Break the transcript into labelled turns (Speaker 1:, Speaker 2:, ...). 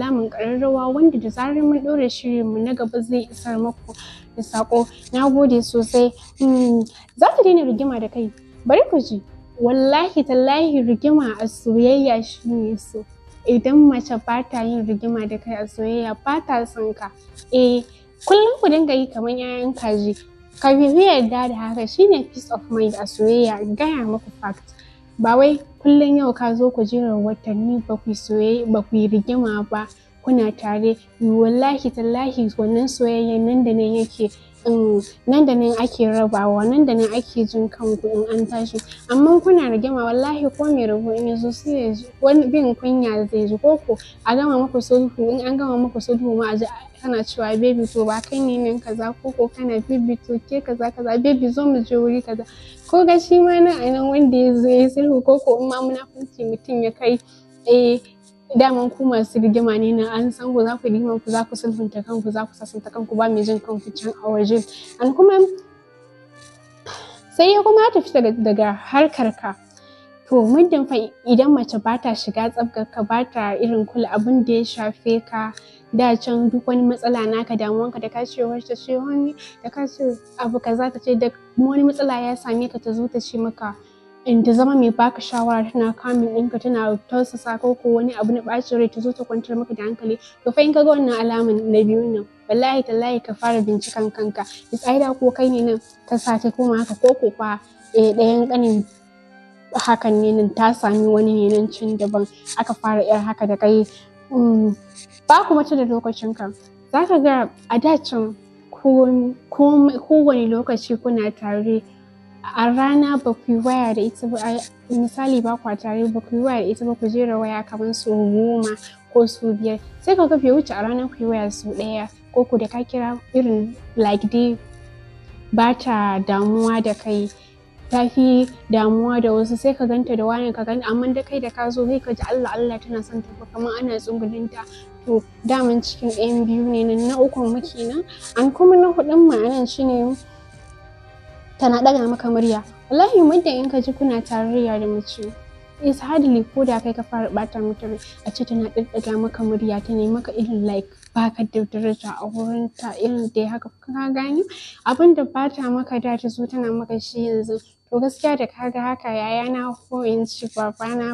Speaker 1: alamun ƙararrawa wanda da zarar mun ɗora mu na gaba zai isa muku da sako, na gode sosai hmm, za ka daina rigima da kai bari ku ji wallahi tallahi rigima a soyayya shine so idan mace ba ta yin rigima da kai a soyayya ba ta son ka eh kullum ku dinga yi kamar 'ya'yan kaji ka bi yarda da haka shine peace of mind a soyayya gaya muku fact ba wai kullum yau ka zo ku kujerar watanni ba ku ku rigima ba kuna tare wallahi tallahi wannan soyayyen nan da nan yake nan da nan ake rabawa nan da nan ake jin kan in an tashi amma kuna rigima wallahi ko mai rabo in yazo sai ya ji wani bin kunya zai ji ko a gama muku sulhu in an gama muku sulhu ma a ji kana cewa bebi to ba kai ne nan kaza ko ko kana baby to ke kaza kaza baby zo mu je wuri kaza ko ga shi ma nan a nan wanda ya zo ya sulhu ko ko in ma munafunci mutum ya kai eh daman ku masu rigima ne na an san ku za ku rigima ku za ku sulhunta kanku za ku sasanta kanku ba mai jin kanku can a waje an kuma sai ya kuma ya tafi daga harkar ka to muddin fa idan mace ba ta shiga tsabgar ka ba ta irin kula abin da ya shafe ka da can duk wani matsala naka ka da ka ce ta ce wani da ka ce abu kaza ta ce da wani matsala ya same ka ta zo ta ce maka in ta zama mai baka shawara tana kamin ɗinka tana tausasa ko ko wani abu na ɓacin rai ta zo ta kwantar maka da hankali to fa in ka ga wannan alaman na biyu nan wallahi tallahi ka fara bincikan kanka either ko kai ne nan ta sace kuma haka ko ko fa eh, ɗayan ƙanin hakan ne nan ta sami wani ne nan cin daban aka fara yar haka da kai mm, ba ku mace da lokacinka za ka ga a dacin kowane lokaci kuna tare a rana ba ku yi waya da ita ba misali ba kwa tare ba ku yi waya da ita ba ku jera waya kamar su goma ko su biyar sai ka bai wuce a rana ku yi waya su ɗaya ko ku da ka kira irin like dai ba ta damuwa da kai ta fi damuwa da wasu sai ka ganta da wayan ka ganta amma da kai da ka zo sai ka Allah Allah tana son ta ba kamar ana ta to daman cikin ɗayan biyu ne na ukun muke nan an kuma na hudun ma'anan shine ne tana ɗaga maka murya wallahi muddin in ka ji kuna tarayya da mace is hardly ko da kai ka fara bata mutum a ce tana daddaga maka murya ta ne maka irin like baka da daraja a wurin ta irin da haka ka gani abin da bata maka da ta zo tana maka shi yanzu to gaskiya da kaga haka yaya na ko in ci baba na